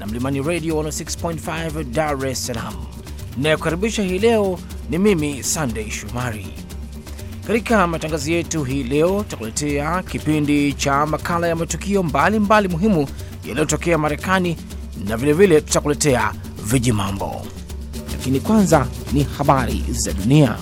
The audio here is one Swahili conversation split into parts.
na Mlimani Radio 106.5 Dar es Salaam. Inayokaribisha hii leo ni mimi Sunday Shumari. Katika matangazo yetu hii leo tutakuletea kipindi cha makala ya matukio mbalimbali mbali muhimu yaliyotokea Marekani na vilevile tutakuletea vijimambo, lakini kwanza ni habari za dunia.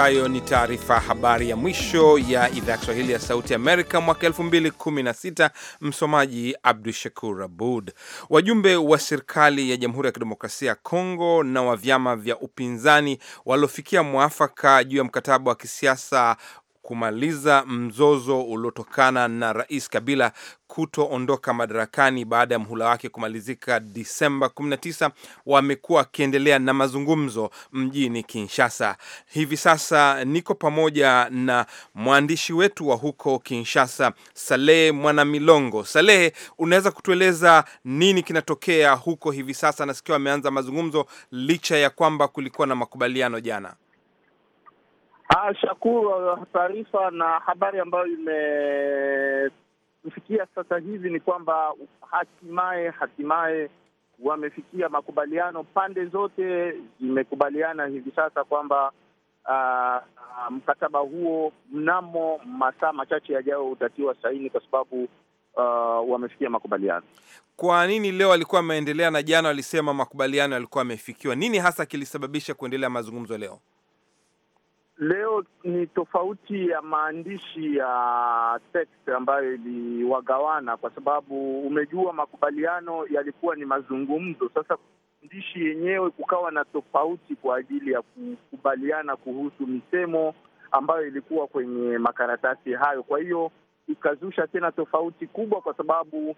Ifuatayo ni taarifa habari ya mwisho ya idhaa ya Kiswahili ya Sauti Amerika mwaka 2016. Msomaji Abdu Shakur Abud. Wajumbe wa serikali ya Jamhuri ya Kidemokrasia ya Kongo na wa vyama vya upinzani waliofikia mwafaka juu ya mkataba wa kisiasa kumaliza mzozo uliotokana na Rais Kabila kutoondoka madarakani baada ya mhula wake kumalizika Disemba 19, wamekuwa wakiendelea na mazungumzo mjini Kinshasa. Hivi sasa niko pamoja na mwandishi wetu wa huko Kinshasa, Salehe Mwanamilongo. Salehe, unaweza kutueleza nini kinatokea huko hivi sasa? Nasikia wameanza mazungumzo licha ya kwamba kulikuwa na makubaliano jana. Ah, shakuru uh, taarifa na habari ambayo imefikia sasa hivi ni kwamba hatimaye hatimaye wamefikia makubaliano, pande zote zimekubaliana hivi sasa kwamba Uh, mkataba huo mnamo masaa machache yajayo utatiwa saini kwa sababu uh, wamefikia makubaliano. Kwa nini leo alikuwa ameendelea na jana walisema makubaliano yalikuwa amefikiwa? Nini hasa kilisababisha kuendelea mazungumzo leo? Leo ni tofauti ya maandishi ya text ambayo iliwagawana, kwa sababu umejua makubaliano yalikuwa ni mazungumzo. Sasa maandishi yenyewe kukawa na tofauti kwa ajili ya kukubaliana kuhusu misemo ambayo ilikuwa kwenye makaratasi hayo, kwa hiyo ikazusha tena tofauti kubwa, kwa sababu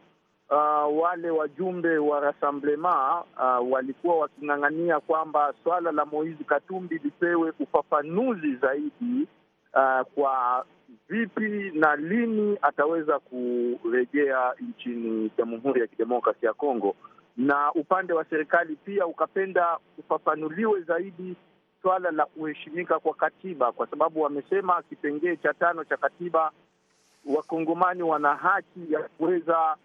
uh, wale wajumbe wa Rassemblement uh, walikuwa waking'ang'ania kwamba swala la Moizi Katumbi lipewe ufafanuzi zaidi uh, kwa vipi na lini ataweza kurejea nchini Jamhuri ya kidemokrasi ya Kongo, na upande wa serikali pia ukapenda ufafanuliwe zaidi swala la kuheshimika kwa katiba, kwa sababu wamesema kipengee cha tano cha katiba, wakongomani wana haki ya kuweza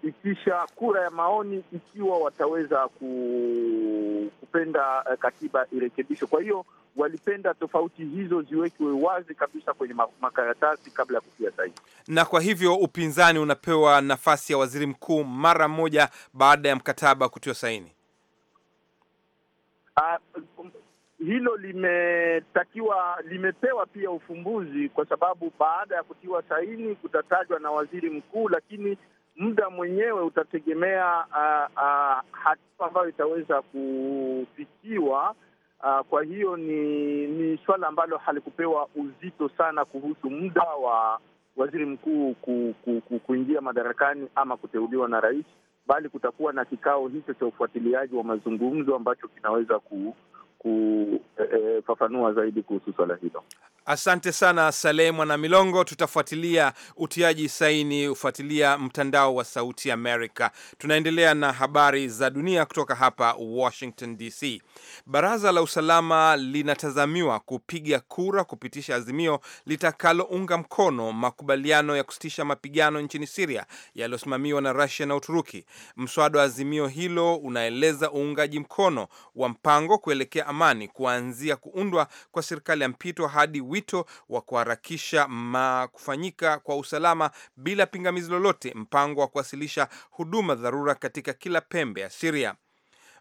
kuitisha kura ya maoni ikiwa wataweza kupenda eh, katiba irekebishwe. Kwa hiyo walipenda tofauti hizo ziwekwe wazi kabisa kwenye makaratasi kabla ya kutia sahihi, na kwa hivyo upinzani unapewa nafasi ya waziri mkuu mara moja baada ya mkataba kutiwa saini. Uh, hilo limetakiwa limepewa pia ufumbuzi kwa sababu baada ya kutiwa saini kutatajwa na waziri mkuu, lakini muda mwenyewe utategemea uh, uh, hatua ambayo itaweza kufikiwa. Uh, kwa hiyo ni ni swala ambalo halikupewa uzito sana kuhusu muda wa waziri mkuu ku, ku, ku, kuingia madarakani ama kuteuliwa na rais, bali kutakuwa na kikao hicho cha ufuatiliaji wa mazungumzo ambacho kinaweza ku kufafanua e, e, zaidi kuhusu swala hilo. Asante sana Saleh Mwana Milongo, tutafuatilia utiaji saini, ufuatilia mtandao wa Sauti Amerika. Tunaendelea na habari za dunia kutoka hapa Washington DC. Baraza la Usalama linatazamiwa kupiga kura kupitisha azimio litakalounga mkono makubaliano ya kusitisha mapigano nchini Siria yaliyosimamiwa na Rusia na Uturuki. Mswada wa azimio hilo unaeleza uungaji mkono wa mpango kuelekea amani kuanzia kuundwa kwa serikali ya mpito hadi wito wa kuharakisha kufanyika kwa usalama bila pingamizi lolote mpango wa kuwasilisha huduma dharura katika kila pembe ya Syria.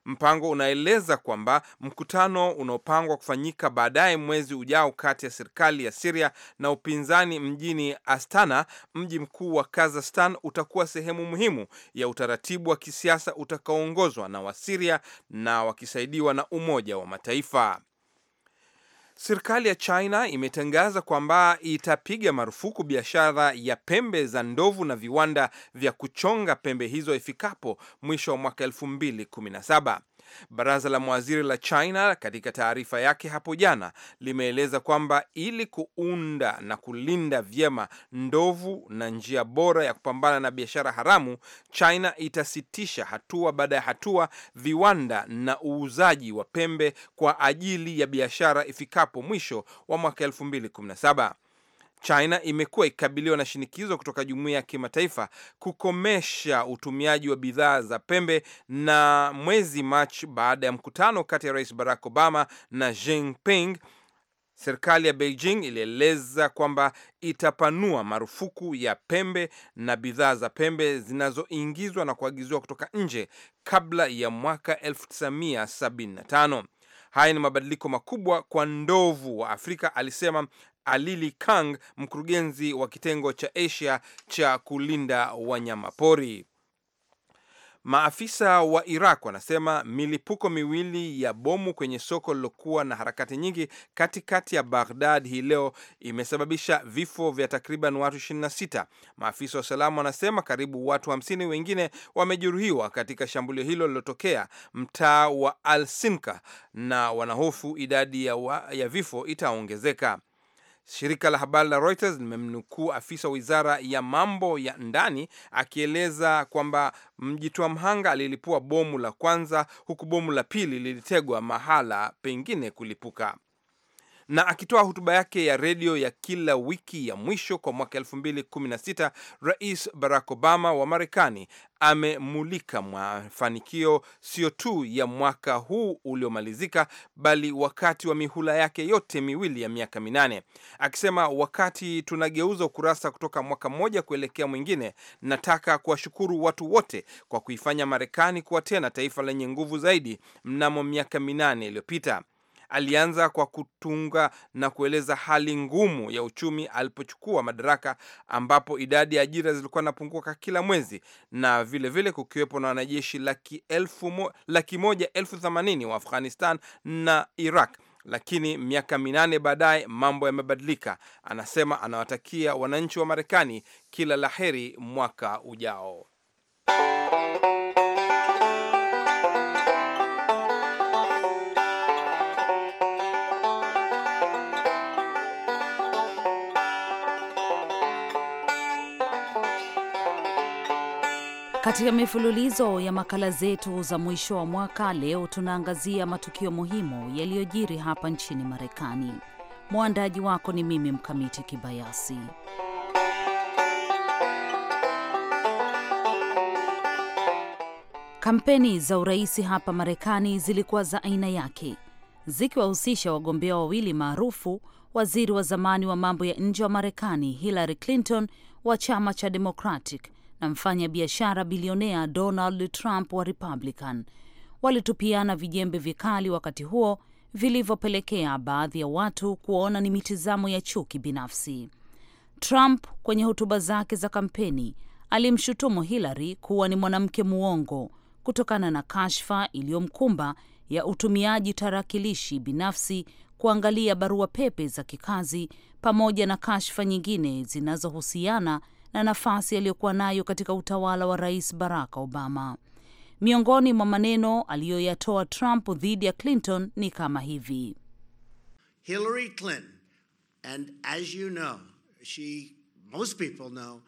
Mpango unaeleza kwamba mkutano unaopangwa kufanyika baadaye mwezi ujao kati ya serikali ya Syria na upinzani mjini Astana, mji mkuu wa Kazakhstan, utakuwa sehemu muhimu ya utaratibu wa kisiasa utakaoongozwa na Wasiria na wakisaidiwa na Umoja wa Mataifa. Serikali ya China imetangaza kwamba itapiga marufuku biashara ya pembe za ndovu na viwanda vya kuchonga pembe hizo ifikapo mwisho wa mwaka 217 Baraza la mawaziri la China katika taarifa yake hapo jana limeeleza kwamba ili kuunda na kulinda vyema ndovu na njia bora ya kupambana na biashara haramu, China itasitisha hatua baada ya hatua viwanda na uuzaji wa pembe kwa ajili ya biashara ifikapo mwisho wa mwaka 2017. China imekuwa ikikabiliwa na shinikizo kutoka jumuiya ya kimataifa kukomesha utumiaji wa bidhaa za pembe, na mwezi Machi, baada ya mkutano kati ya Rais Barack Obama na Xi Jinping, serikali ya Beijing ilieleza kwamba itapanua marufuku ya pembe na bidhaa za pembe zinazoingizwa na kuagiziwa kutoka nje kabla ya mwaka 1975. Haya ni mabadiliko makubwa kwa ndovu wa Afrika, alisema Alili Kang, mkurugenzi wa kitengo cha Asia cha kulinda wanyamapori. Maafisa wa Iraq wanasema milipuko miwili ya bomu kwenye soko lilokuwa na harakati nyingi katikati ya Baghdad hii leo imesababisha vifo vya takriban watu 26. Maafisa wa usalama wanasema karibu watu 50 wengine wamejeruhiwa katika shambulio hilo lilotokea mtaa wa Al Sinka, na wanahofu idadi ya, wa, ya vifo itaongezeka. Shirika la habari la Reuters limemnukuu afisa wa wizara ya mambo ya ndani akieleza kwamba mjitoa mhanga alilipua bomu la kwanza, huku bomu la pili lilitegwa mahala pengine kulipuka. Na akitoa hotuba yake ya redio ya kila wiki ya mwisho kwa mwaka 2016, Rais Barack Obama wa Marekani amemulika mafanikio sio tu ya mwaka huu uliomalizika, bali wakati wa mihula yake yote miwili ya miaka minane, akisema wakati tunageuza ukurasa kutoka mwaka mmoja kuelekea mwingine, nataka kuwashukuru watu wote kwa kuifanya Marekani kuwa tena taifa lenye nguvu zaidi mnamo miaka minane iliyopita alianza kwa kutunga na kueleza hali ngumu ya uchumi alipochukua madaraka, ambapo idadi ya ajira zilikuwa inapunguka kila mwezi na vilevile vile kukiwepo na wanajeshi laki, elfu mo, laki moja elfu themanini wa Afghanistan na Iraq. Lakini miaka minane baadaye mambo yamebadilika. Anasema anawatakia wananchi wa Marekani kila laheri mwaka ujao. Katika mifululizo ya makala zetu za mwisho wa mwaka, leo tunaangazia matukio muhimu yaliyojiri hapa nchini Marekani. Mwandaji wako ni mimi Mkamiti Kibayasi. Kampeni za urais hapa Marekani zilikuwa za aina yake, zikiwahusisha wagombea wawili maarufu, waziri wa zamani wa mambo ya nje wa Marekani Hillary Clinton wa chama cha Democratic na mfanya biashara bilionea Donald Trump wa Republican. Walitupiana vijembe vikali wakati huo vilivyopelekea baadhi ya watu kuona ni mitizamo ya chuki binafsi. Trump kwenye hotuba zake za kampeni alimshutumu Hillary kuwa ni mwanamke muongo kutokana na kashfa iliyomkumba ya utumiaji tarakilishi binafsi kuangalia barua pepe za kikazi pamoja na kashfa nyingine zinazohusiana na nafasi aliyokuwa nayo katika utawala wa Rais Barack Obama. Miongoni mwa maneno aliyoyatoa Trump dhidi ya Clinton ni kama hivi: Hillary Clinton and as you know she most people know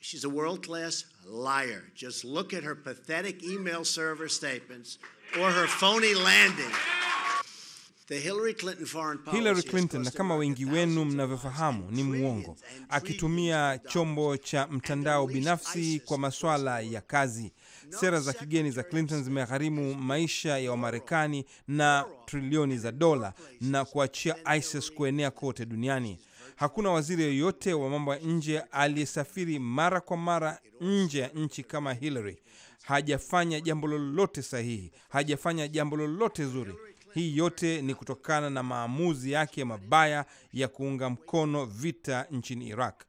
she's a world class liar just look at her pathetic email server statements or her phony landing Hillary Clinton, na kama wengi wenu mnavyofahamu, ni muongo akitumia chombo cha mtandao binafsi kwa maswala ya kazi. Sera za kigeni za Clinton zimegharimu maisha ya Wamarekani na trilioni za dola na kuachia ISIS kuenea kote duniani. Hakuna waziri yeyote wa mambo ya nje aliyesafiri mara kwa mara nje ya nchi kama Hillary. Hajafanya jambo lolote sahihi, hajafanya jambo lolote zuri. Hii yote ni kutokana na maamuzi yake mabaya ya kuunga mkono vita nchini Iraq.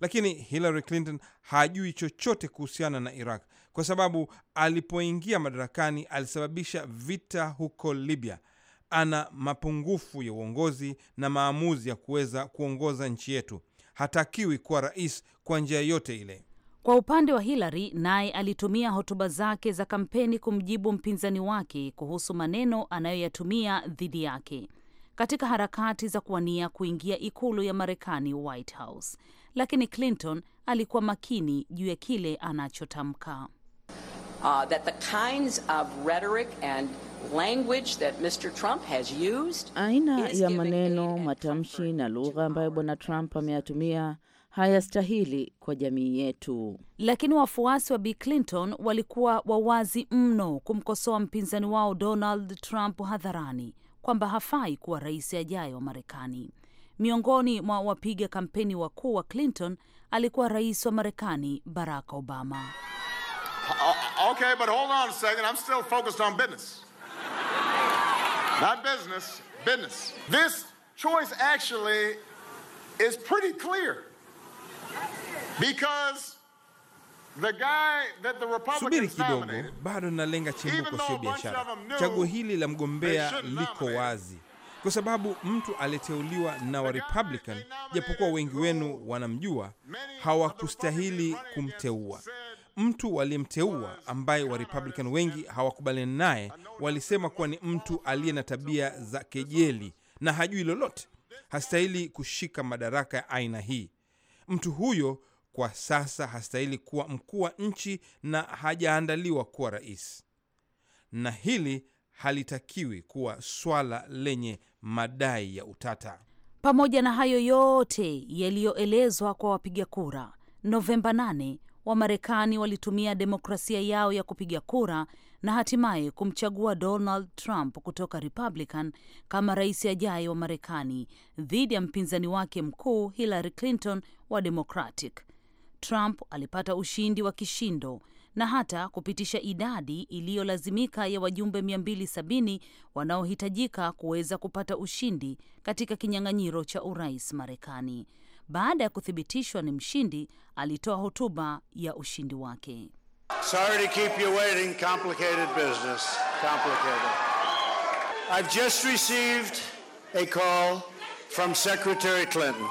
Lakini Hillary Clinton hajui chochote kuhusiana na Iraq kwa sababu alipoingia madarakani alisababisha vita huko Libya. Ana mapungufu ya uongozi na maamuzi ya kuweza kuongoza nchi yetu. Hatakiwi kuwa rais kwa njia yote ile. Kwa upande wa Hillary, naye alitumia hotuba zake za kampeni kumjibu mpinzani wake kuhusu maneno anayoyatumia dhidi yake katika harakati za kuwania kuingia ikulu ya Marekani, White House. Lakini Clinton alikuwa makini juu ya kile anachotamka. Uh, that the kinds of rhetoric and language that Mr. Trump has used, aina ya maneno, matamshi na lugha ambayo Bwana Trump ameyatumia hayastahili kwa jamii yetu. Lakini wafuasi wa Bi Clinton walikuwa wawazi mno kumkosoa mpinzani wao Donald Trump hadharani kwamba hafai kuwa rais ajaye wa Marekani. Miongoni mwa wapiga kampeni wakuu wa Clinton alikuwa rais wa Marekani Barack Obama. Okay, is pretty clear. Subiri kidogo, bado nalenga chimbo kwa sio biashara. Chaguo hili la mgombea liko wazi kwa sababu mtu aliyeteuliwa na wa Republican, japokuwa wengi wenu wanamjua, hawakustahili kumteua. Mtu waliyemteua ambaye wa Republican wengi hawakubaliani naye, walisema kuwa ni mtu aliye na tabia za kejeli na hajui lolote, hastahili kushika madaraka ya aina hii. Mtu huyo kwa sasa hastahili kuwa mkuu wa nchi na hajaandaliwa kuwa rais, na hili halitakiwi kuwa swala lenye madai ya utata. Pamoja na hayo yote yaliyoelezwa kwa wapiga kura, Novemba 8 Wamarekani walitumia demokrasia yao ya kupiga kura na hatimaye kumchagua Donald Trump kutoka Republican kama rais ajaye wa Marekani dhidi ya mpinzani wake mkuu Hillary Clinton wa Democratic. Trump alipata ushindi wa kishindo na hata kupitisha idadi iliyolazimika ya wajumbe 270 wanaohitajika kuweza kupata ushindi katika kinyang'anyiro cha urais Marekani. Baada ya kuthibitishwa ni mshindi, alitoa hotuba ya ushindi wake. Sorry to keep you waiting, complicated business. Complicated. I've just received a call from Secretary Clinton.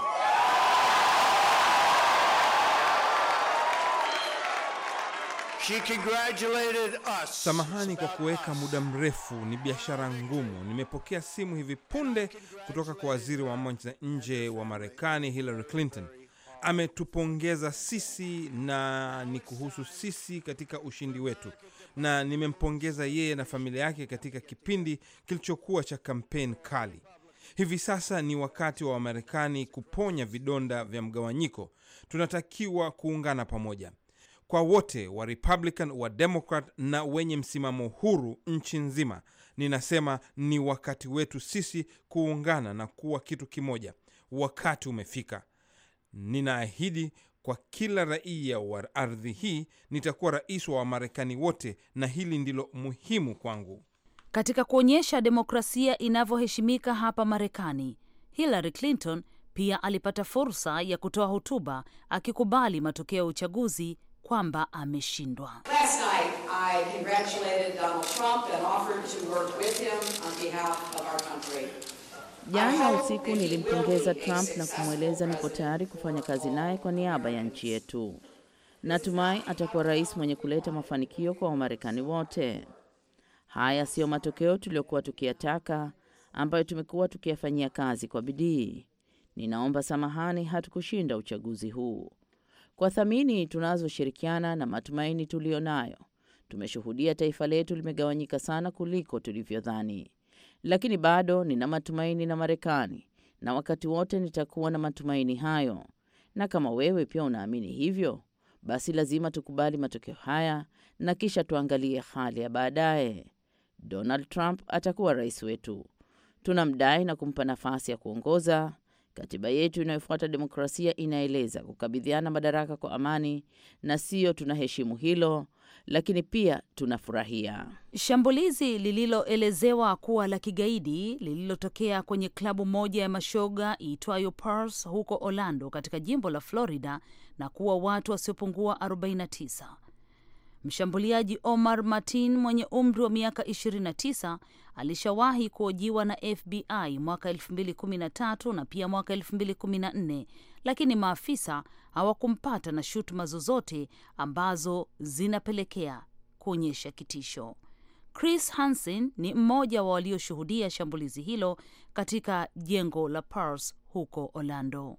She congratulated us. Samahani kwa kuweka muda mrefu, ni biashara ngumu. Nimepokea simu hivi punde kutoka kwa waziri wa mambo nje wa Marekani Hillary Clinton. Ametupongeza sisi na ni kuhusu sisi katika ushindi wetu, na nimempongeza yeye na familia yake katika kipindi kilichokuwa cha kampeni kali. Hivi sasa ni wakati wa Wamarekani kuponya vidonda vya mgawanyiko. Tunatakiwa kuungana pamoja kwa wote wa Republican, wa Democrat na wenye msimamo huru nchi nzima. Ninasema ni wakati wetu sisi kuungana na kuwa kitu kimoja. Wakati umefika. Ninaahidi kwa kila raia wa ardhi hii nitakuwa rais wa Wamarekani wote, na hili ndilo muhimu kwangu. Katika kuonyesha demokrasia inavyoheshimika hapa Marekani, Hillary Clinton pia alipata fursa ya kutoa hotuba akikubali matokeo ya uchaguzi kwamba ameshindwa. Jana usiku nilimpongeza Trump na kumweleza niko tayari kufanya kazi naye kwa niaba ya nchi yetu. Natumai atakuwa rais mwenye kuleta mafanikio kwa Wamarekani wote. Haya siyo matokeo tuliyokuwa tukiyataka, ambayo tumekuwa tukiyafanyia kazi kwa bidii. Ninaomba samahani, hatukushinda uchaguzi huu kwa thamini tunazoshirikiana na matumaini tuliyo nayo, tumeshuhudia taifa letu limegawanyika sana kuliko tulivyodhani, lakini bado nina matumaini na Marekani na wakati wote nitakuwa na matumaini hayo. Na kama wewe pia unaamini hivyo, basi lazima tukubali matokeo haya na kisha tuangalie hali ya baadaye. Donald Trump atakuwa rais wetu, tunamdai na kumpa nafasi ya kuongoza Katiba yetu inayofuata demokrasia inaeleza kukabidhiana madaraka kwa amani, na siyo tunaheshimu hilo, lakini pia tunafurahia shambulizi lililoelezewa kuwa la kigaidi lililotokea kwenye klabu moja ya mashoga iitwayo Pars huko Orlando katika jimbo la Florida na kuwa watu wasiopungua 49. Mshambuliaji Omar Martin mwenye umri wa miaka 29 alishawahi kuojiwa na FBI mwaka 2013 na pia mwaka 2014, lakini maafisa hawakumpata na shutuma zozote ambazo zinapelekea kuonyesha kitisho. Chris Hansen ni mmoja wa walioshuhudia shambulizi hilo katika jengo la Pars huko Orlando.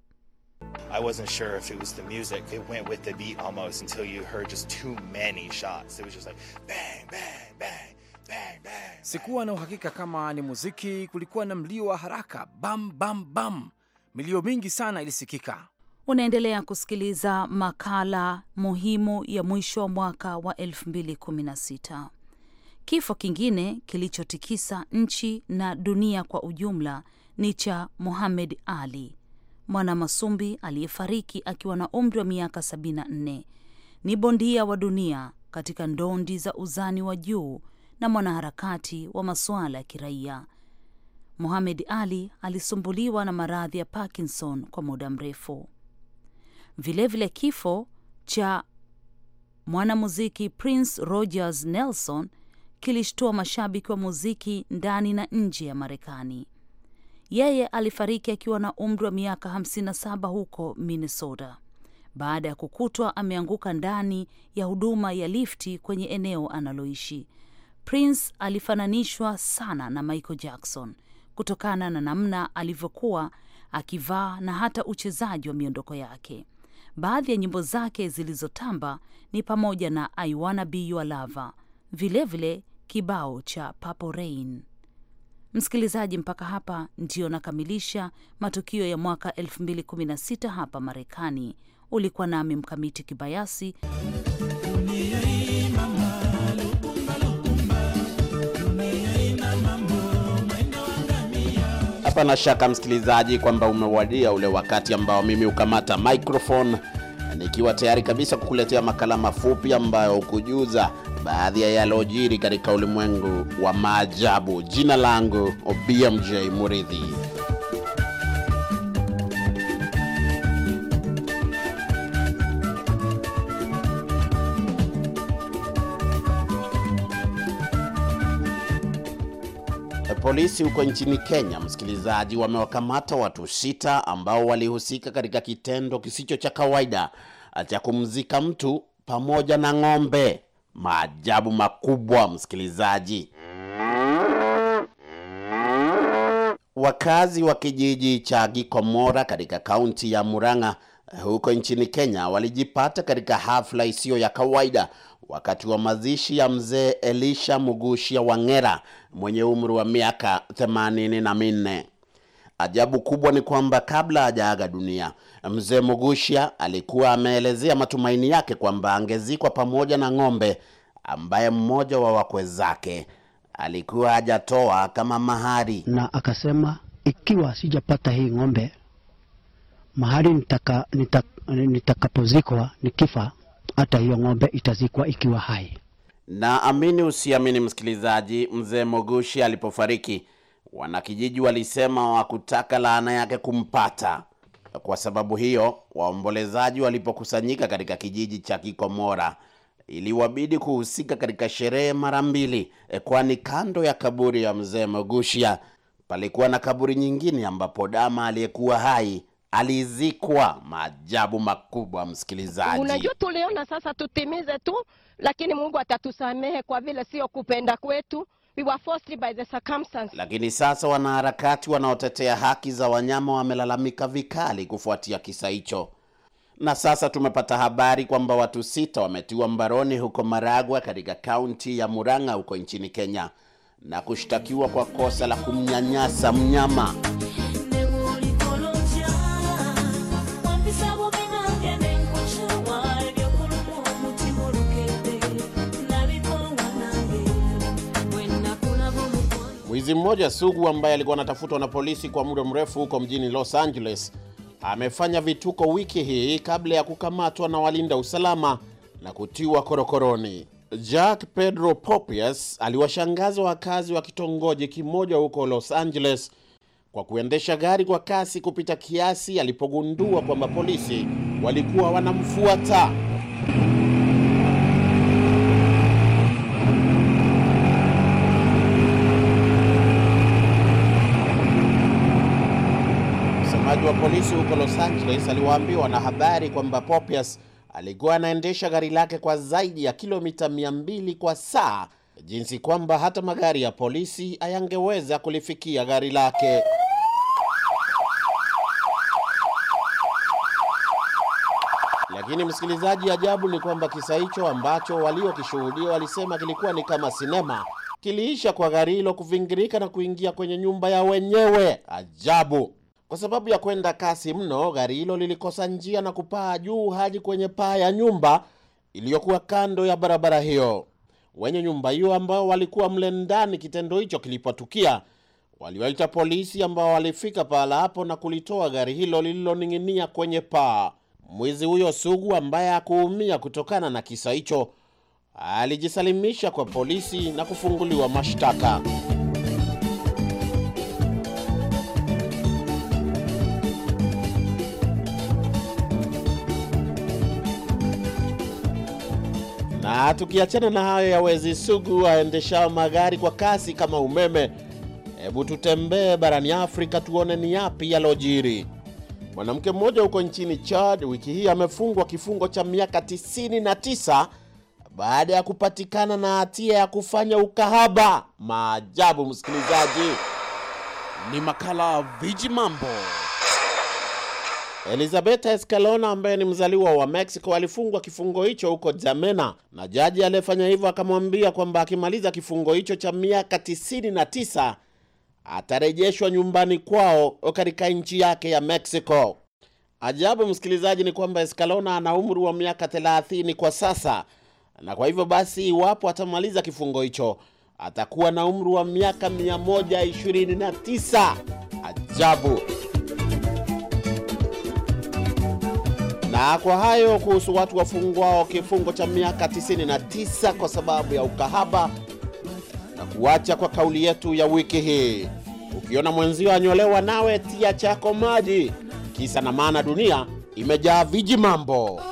I wasn't sure if it was the music. It went with the beat almost until you heard just too many shots. It was just like bang, bang, bang. Bang, bang, sikuwa na uhakika kama ni muziki. Kulikuwa na mlio wa haraka bam bam bam, milio mingi sana ilisikika. Unaendelea kusikiliza makala muhimu ya mwisho wa mwaka wa 2016. Kifo kingine kilichotikisa nchi na dunia kwa ujumla ni cha Muhammad Ali masumbi aliyefariki akiwa na umri wa miaka 74. Ni bondia wa dunia katika ndondi za uzani wa juu na mwanaharakati wa masuala ya kiraia. Mohamed Ali alisumbuliwa na maradhi ya Parkinson kwa muda mrefu. Vilevile vile kifo cha mwanamuziki Prince Rogers Nelson kilishtua mashabiki wa muziki ndani na nje ya Marekani. Yeye alifariki akiwa na umri wa miaka 57 huko Minnesota baada ya kukutwa ameanguka ndani ya huduma ya lifti kwenye eneo analoishi. Prince alifananishwa sana na Michael Jackson kutokana na namna alivyokuwa akivaa na hata uchezaji wa miondoko yake. Baadhi ya nyimbo zake zilizotamba ni pamoja na I Wanna Be Your Lover, vilevile kibao cha Purple Rain. Msikilizaji, mpaka hapa ndio nakamilisha matukio ya mwaka 2016 hapa Marekani. Ulikuwa nami Mkamiti Kibayasi. Hapana shaka msikilizaji, kwamba umewadia ule wakati ambao mimi hukamata microphone nikiwa tayari kabisa kukuletea makala mafupi ambayo hukujuza baadhi ya yalojiri katika ulimwengu wa maajabu. Jina langu BMJ Muridhi. Polisi huko nchini Kenya, msikilizaji, wamewakamata watu sita ambao walihusika katika kitendo kisicho cha kawaida cha kumzika mtu pamoja na ng'ombe. Maajabu makubwa, msikilizaji. Wakazi wa kijiji cha Gikomora katika kaunti ya Murang'a huko nchini Kenya walijipata katika hafla isiyo ya kawaida wakati wa mazishi ya mzee Elisha Mugushia Wangera mwenye umri wa miaka themanini na minne. Ajabu kubwa ni kwamba kabla hajaaga dunia, mzee Mugushia alikuwa ameelezea matumaini yake kwamba angezikwa pamoja na ng'ombe ambaye mmoja wa wakwe zake alikuwa hajatoa kama mahari, na akasema ikiwa sijapata hii ng'ombe mahari nitakapozikwa nitaka nikifa hata hiyo ng'ombe itazikwa ikiwa hai. Na amini usiamini, msikilizaji, mzee Mogushi alipofariki, wanakijiji walisema wakutaka laana yake kumpata. Kwa sababu hiyo, waombolezaji walipokusanyika katika kijiji cha Kikomora iliwabidi kuhusika katika sherehe mara mbili, eh, kwani kando ya kaburi ya mzee Mogushia palikuwa na kaburi nyingine ambapo dama aliyekuwa hai alizikwa. Maajabu makubwa, msikilizaji. Unajua, tuliona sasa tutimize tu, lakini Mungu atatusamehe kwa vile sio kupenda kwetu. We were forced by the circumstances. Lakini sasa wanaharakati wanaotetea haki za wanyama wamelalamika vikali kufuatia kisa hicho, na sasa tumepata habari kwamba watu sita wametiwa mbaroni huko Maragwa katika kaunti ya Murang'a huko nchini Kenya na kushtakiwa kwa kosa la kumnyanyasa mnyama. Mwizi mmoja sugu ambaye alikuwa anatafutwa na polisi kwa muda mrefu huko mjini Los Angeles amefanya vituko wiki hii kabla ya kukamatwa na walinda usalama na kutiwa korokoroni. Jack Pedro Popius aliwashangaza wakazi wa kitongoji kimoja huko Los Angeles kwa kuendesha gari kwa kasi kupita kiasi alipogundua kwamba polisi walikuwa wanamfuata. msemaji wa polisi huko Los Angeles aliwaambia wanahabari kwamba Popius alikuwa anaendesha gari lake kwa zaidi ya kilomita 200 kwa saa, jinsi kwamba hata magari ya polisi hayangeweza kulifikia gari lake. Lakini msikilizaji, ajabu ni kwamba kisa hicho ambacho waliokishuhudia walisema kilikuwa ni kama sinema kiliisha kwa gari hilo kuvingirika na kuingia kwenye nyumba ya wenyewe. Ajabu. Kwa sababu ya kwenda kasi mno, gari hilo lilikosa njia na kupaa juu hadi kwenye paa ya nyumba iliyokuwa kando ya barabara hiyo. Wenye nyumba hiyo ambao walikuwa mle ndani kitendo hicho kilipotukia, waliwaita polisi ambao walifika pahala hapo na kulitoa gari hilo lililoning'inia kwenye paa. Mwizi huyo sugu ambaye hakuumia kutokana na kisa hicho alijisalimisha kwa polisi na kufunguliwa mashtaka. Na tukiachana na hayo ya wezi sugu waendeshao magari kwa kasi kama umeme, hebu tutembee barani Afrika tuone ni yapi yalojiri. Mwanamke mmoja huko nchini Chad wiki hii amefungwa kifungo cha miaka 99 baada ya kupatikana na hatia ya kufanya ukahaba. Maajabu, msikilizaji, ni makala Viji Mambo. Elizabeth Escalona ambaye ni mzaliwa wa Mexico alifungwa kifungo hicho huko Jamena, na jaji aliyefanya hivyo akamwambia kwamba akimaliza kifungo hicho cha miaka 99 atarejeshwa nyumbani kwao katika nchi yake ya Mexico. Ajabu msikilizaji, ni kwamba Escalona ana umri wa miaka 30 kwa sasa, na kwa hivyo basi, iwapo atamaliza kifungo hicho atakuwa na umri wa miaka 129. Ajabu. Na kwa hayo kuhusu watu wafungwao kifungo cha miaka 99 kwa sababu ya ukahaba, na kuacha kwa kauli yetu ya wiki hii: ukiona mwenzio anyolewa nawe tia chako maji. Kisa na maana, dunia imejaa viji mambo. Oh,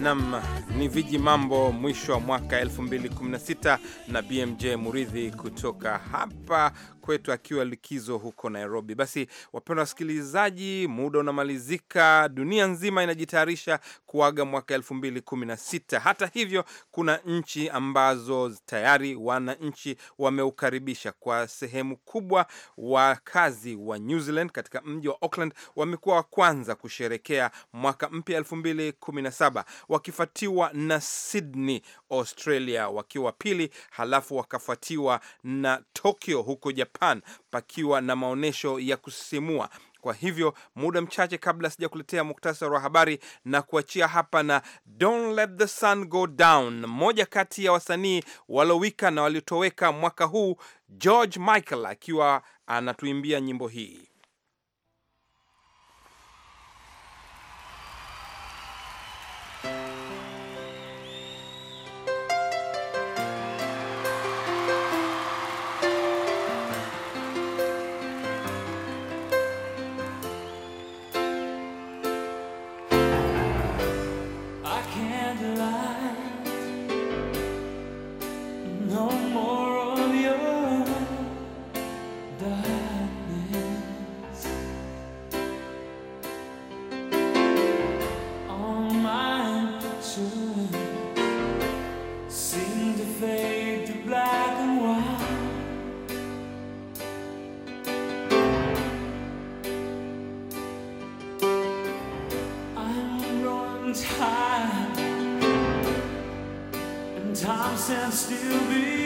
nam ni viji mambo mwisho wa mwaka 2016 na BMJ Muridhi kutoka hapa kwetu akiwa likizo huko Nairobi. Basi wapendwa wasikilizaji, muda unamalizika. Dunia nzima inajitayarisha kuaga mwaka elfu mbili kumi na sita. Hata hivyo, kuna nchi ambazo tayari wananchi wameukaribisha kwa sehemu kubwa. Wakazi wa New Zealand katika mji wa Auckland wamekuwa wa kwanza kusherekea mwaka mpya elfu mbili kumi na saba wakifuatiwa na Sydney Australia wakiwa pili, halafu wakafuatiwa na Tokyo huko Japan Japan pakiwa na maonyesho ya kusisimua. Kwa hivyo muda mchache kabla sijakuletea muktasari wa habari na kuachia hapa na Don't Let the Sun Go Down, mmoja kati ya wasanii walowika na waliotoweka mwaka huu, George Michael akiwa anatuimbia nyimbo hii. and still be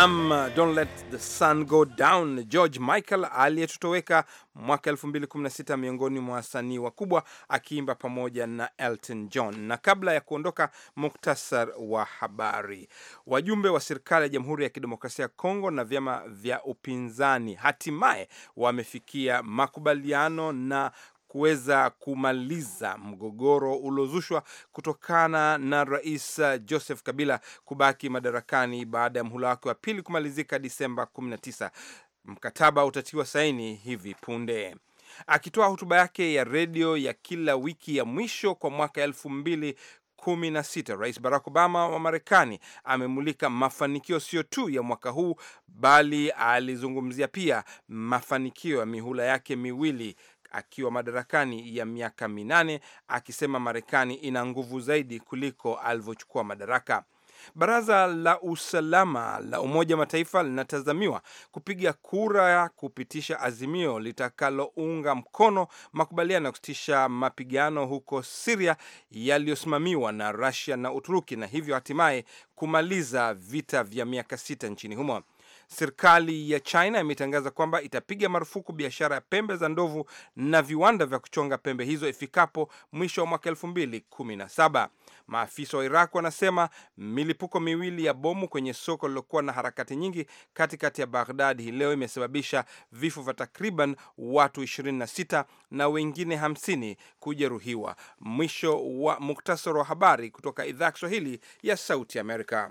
Nam, don't let the sun go down. George Michael aliyetotoweka mwaka 2016 miongoni mwa wasanii wakubwa akiimba pamoja na Elton John. Na kabla ya kuondoka, muktasar wa habari. Wajumbe wa serikali ya Jamhuri ya Kidemokrasia ya Kongo na vyama vya upinzani hatimaye wamefikia makubaliano na kuweza kumaliza mgogoro uliozushwa kutokana na Rais uh, Joseph Kabila kubaki madarakani baada ya mhula wake wa pili kumalizika Disemba 19. Mkataba utatiwa saini hivi punde. Akitoa hotuba yake ya redio ya kila wiki ya mwisho kwa mwaka elfu mbili sita, Rais Barack Obama wa Marekani amemulika mafanikio sio tu ya mwaka huu, bali alizungumzia pia mafanikio ya mihula yake miwili akiwa madarakani ya miaka minane, akisema Marekani ina nguvu zaidi kuliko alivyochukua madaraka. Baraza la usalama la Umoja Mataifa linatazamiwa kupiga kura ya kupitisha azimio litakalounga mkono makubaliano ya kusitisha mapigano huko Siria yaliyosimamiwa na Rusia na Uturuki na hivyo hatimaye kumaliza vita vya miaka sita nchini humo. Serikali ya China imetangaza kwamba itapiga marufuku biashara ya pembe za ndovu na viwanda vya kuchonga pembe hizo ifikapo mwisho wa mwaka saba. Maafisa wa Iraq wanasema milipuko miwili ya bomu kwenye soko lililokuwa na harakati nyingi katikati ya Baghdad hii leo imesababisha vifo vya takriban watu 26 na wengine 50 kujeruhiwa. Mwisho wa muktasari wa habari kutoka idhaa ya Kiswahili ya Sauti Amerika.